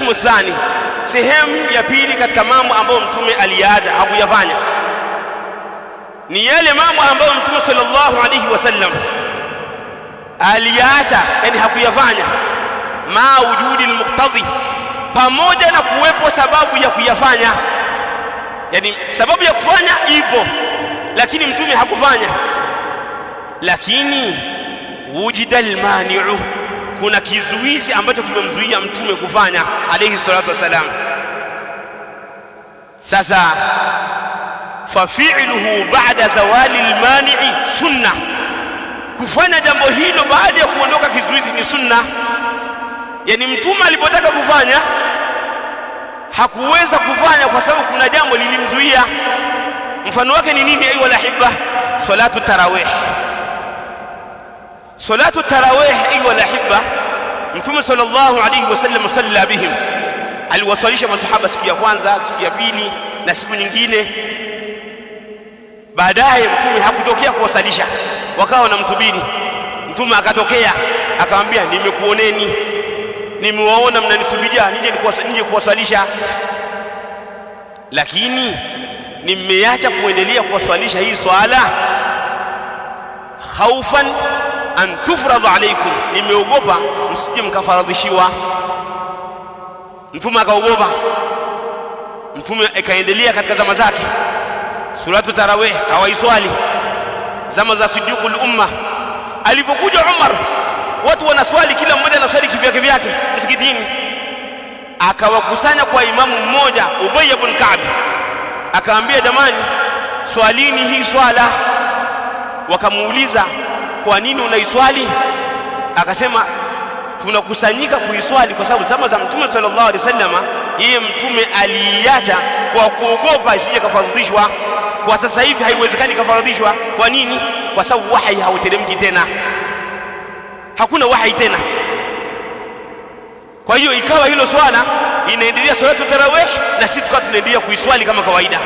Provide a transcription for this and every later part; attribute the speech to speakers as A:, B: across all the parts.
A: Ismu thani, sehemu ya pili katika mambo ambayo mtume aliyaacha hakuyafanya ni yale mambo ambayo mtume sallallahu alayhi wasallam aliyaacha, yani hakuyafanya ma wujudi lmuktadhi pamoja na kuwepo sababu ya kuyafanya. Yani sababu ya kufanya ipo, lakini mtume hakufanya. Lakini wujida almani'u kuna kizuizi ambacho kimemzuia mtume kufanya alaihi salatu wassalam. Sasa fafiluhu baada zawali lmanii sunna, kufanya jambo hilo baada ya kuondoka kizuizi ni sunna. Yani mtume alipotaka kufanya hakuweza kufanya kwa sababu kuna jambo lilimzuia. Mfano wake ni nini? Ayuha lahiba, salatu tarawih Salatu tarawih, ayuha alahibba, Mtume sallallahu alayhi wasallam salla bihim, aliwaswalisha masahaba siku ya kwanza, siku ya pili na siku nyingine. Baadaye Mtume hakutokea kuwasalisha, wakawa wanamsubiri Mtume. Akatokea akamwambia, nimekuoneni, nimewaona mnanisubiria nije kuwaswalisha, lakini nimeacha kuendelea kuwaswalisha hii swala khaufan an tufradhu alaikum, nimeogopa msije mkafaradhishiwa. Mtume akaogopa. Mtume akaendelea katika zama zake, suratu tarawih hawaiswali, zama za sidiqul umma. Alipokuja Umar, watu wanaswali, kila mmoja anaswali kivyake vyake msikitini, akawakusanya kwa imamu mmoja, Ubay ibn Ka'b, akaambia jamani, swalini hii swala. Wakamuuliza kwa nini unaiswali? Akasema tunakusanyika kuiswali kwa sababu zama za Mtume sallallahu alaihi wasallam, yeye Mtume aliiacha kwa kuogopa isije kafaradhishwa. Kwa sasa hivi haiwezekani kafaradhishwa. Kwa nini? Kwa sababu wahai hauteremki tena, hakuna wahai tena. Kwa hiyo ikawa hilo swala inaendelea salatu tarawih, na sisi tukawa tunaendelea kuiswali kama kawaida.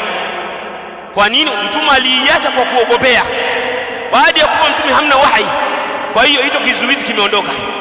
A: Kwa nini? Mtume aliiacha kwa kuogopea baada ya kufa mtume hamna wahi. kwa hiyo hicho kizuizi kimeondoka.